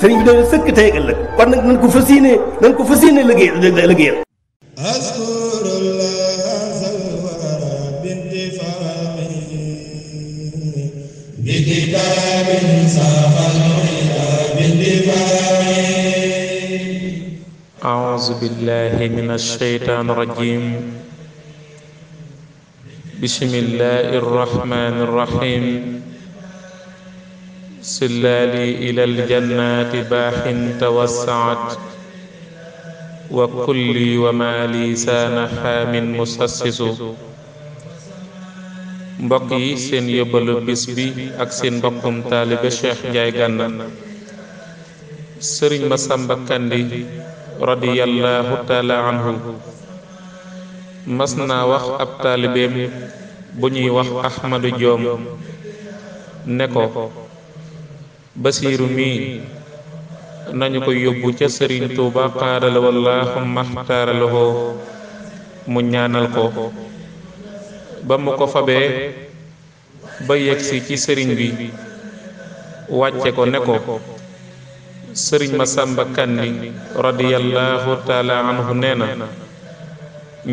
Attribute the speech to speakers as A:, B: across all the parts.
A: sëriñ bi dana sëkk tey ëllëg kon nag nañ ko fas yéene nañ ko fas yéene liggéey liggéeyal أعوذ بالله من الشيطان الرجيم بسم الله الرحمن الرحيم سلالي إلى الجنات باح توسعت وكلي ومالي سان خام مسسس mbokk yi seen yóbbalu bis bi ak seen mbokkum taalibe Cheikh Ndiaye Gana sëriñ Masamba Kandi radiyallahu taala anhu mas naa wax ab taalibeem bu ñuy wax Ahmadu Joom ne ko basiiru mii nañu ko yóbbu ca sëriñ tuuba xaadala wallaaxumma maxtaaralahoo mu ñaanal ko ba mu ko fabee ba yegsi ci sëriñ bi wàcce ko ne ko sëriñ ma sàmba kanni radiyallahu taala nee na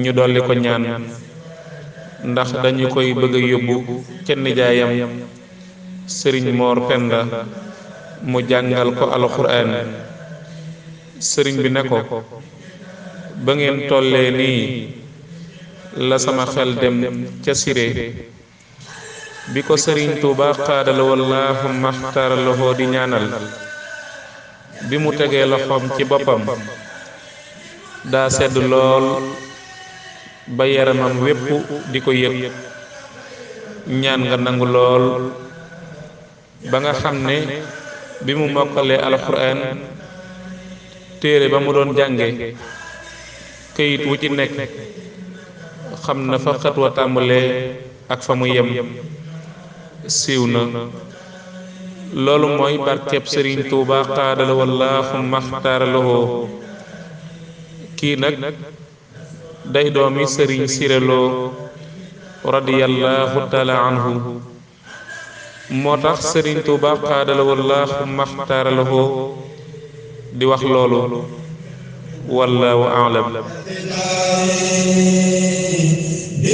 A: ñu dolli ko ñaan ndax dañu koy bëgg a yóbbu ca nijaayam sëriñ moor penda mu jàngal ko alxuraan sëriñ bi ne ko ba ngeen tollee nii la sama xel dem ca sire bi ko sëriñ tuuba xaadal wallaahu maxtaara loxo di ñaanal bi mu tegee loxoom ci boppam daa sedd lool ba yaramam wépp di ko yëg ñaan nga nangu lool ba nga xam ne bi mu mokkalee alxuraan téere ba mu doon jànge këyit wu ci nekk xam na fa xatwa tàmbalee ak fa mu yem siiw na loolu mooy barkeb sëriñ tuuba xaadala wallaahu kii nag day doomi sëriñ sireloo radiyallahu taala anhu moo tax sëriñ Tuuba xaadala wallaahu maxtaaralahu di wax loolu wallaahu aalam bi